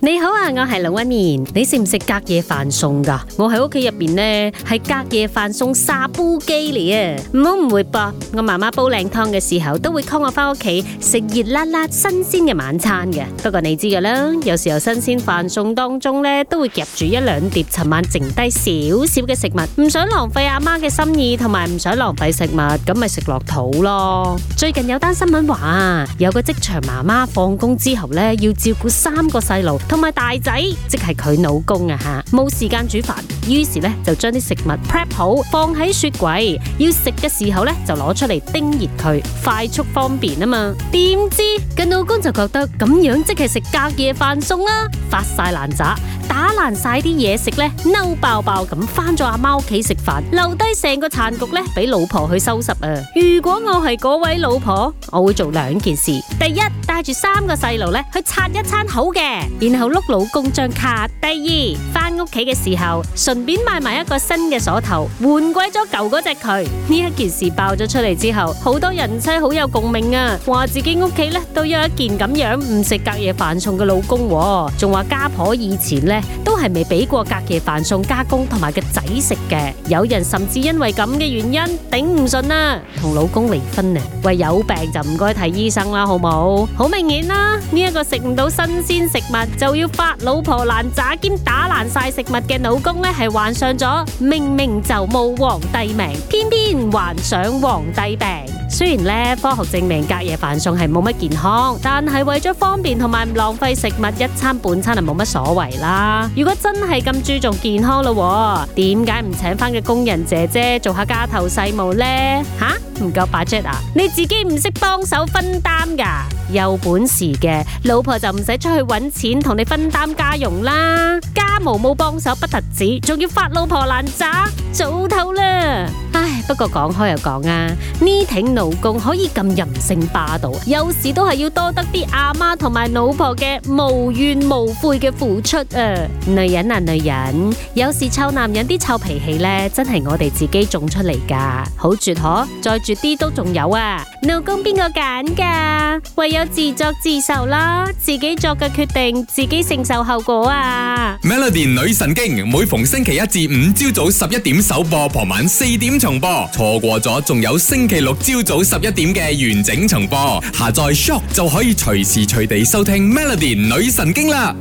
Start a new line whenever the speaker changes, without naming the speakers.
你好啊，我係龍紋敏。你食唔食隔夜飯餸噶？我喺屋企入邊咧，係隔夜飯餸砂煲雞嚟啊！唔好唔會噃，我媽媽煲靚湯嘅時候，都會 call 我返屋企食熱辣辣新鮮嘅晚餐嘅。不過你知噶啦，有時候新鮮飯餸當中咧，都會夾住一兩碟尋晚剩低少少嘅食物。唔想浪費阿媽嘅心意，同埋唔想浪費食物，咁咪食落肚咯。最近有單新聞話有個職場媽媽放工之後呢，要照顧三個細路。同埋大仔，即係佢老公啊吓，冇時間煮飯。於是咧就將啲食物 prep 好，放喺雪櫃。要食嘅時候咧就攞出嚟叮熱佢，快速方便啊嘛。點知個老公就覺得咁樣即係食隔夜飯餸啦、啊，發晒爛渣，打爛晒啲嘢食咧，嬲爆爆咁翻咗阿媽屋企食飯，留低成個殘局咧俾老婆去收拾啊。如果我係嗰位老婆，我會做兩件事：第一，帶住三個細路咧去擦一餐好嘅，然後碌老公張卡；第二，翻屋企嘅時候順便買埋一個新嘅鎖頭，換鬼咗舊嗰隻佢。呢一件事爆咗出嚟之後，好多人妻好有共鳴啊，話自己屋企咧都有一件咁樣唔食隔夜飯餸嘅老公、啊，仲話家婆以前咧都係未俾過隔夜飯餸家公同埋個仔食嘅。有人甚至因為咁嘅原因頂唔順啊，同老公離婚啊。喂，有病就唔該睇醫生啦，好冇？好明顯啦、啊，呢、這、一個食唔到新鮮食物就要發老婆爛渣兼，兼打爛晒食物嘅老公咧係患上咗明明就冇皇帝命，偏偏患上皇帝病。雖然咧科學證明隔夜飯餸係冇乜健康，但係為咗方便同埋唔浪費食物，一餐半餐係冇乜所謂啦。如果真係咁注重健康咯，點解唔請翻個工人姐姐做下家頭細務呢？吓？唔夠把遮啊！你自己唔識幫手分擔噶，有本事嘅老婆就唔使出去揾錢同你分擔家用啦。家務冇幫手，不特止，仲要發老婆爛渣，早唞啦！唉，不過講開又講啊，呢挺老公可以咁任性霸道，有時都係要多得啲阿媽同埋老婆嘅無怨無悔嘅付出啊！女人啊女人，有時臭男人啲臭脾氣呢，真係我哋自己種出嚟噶，好絕可再。住啲都仲有啊！老公邊個揀㗎？唯有自作自受啦，自己作嘅決定，自己承受後果啊！Melody 女神經每逢星期一至五朝早十一點首播，傍晚四點重播，錯過咗仲有星期六朝早十一點嘅完整重播。下載 Shock 就可以隨時隨地收聽 Melody 女神經啦。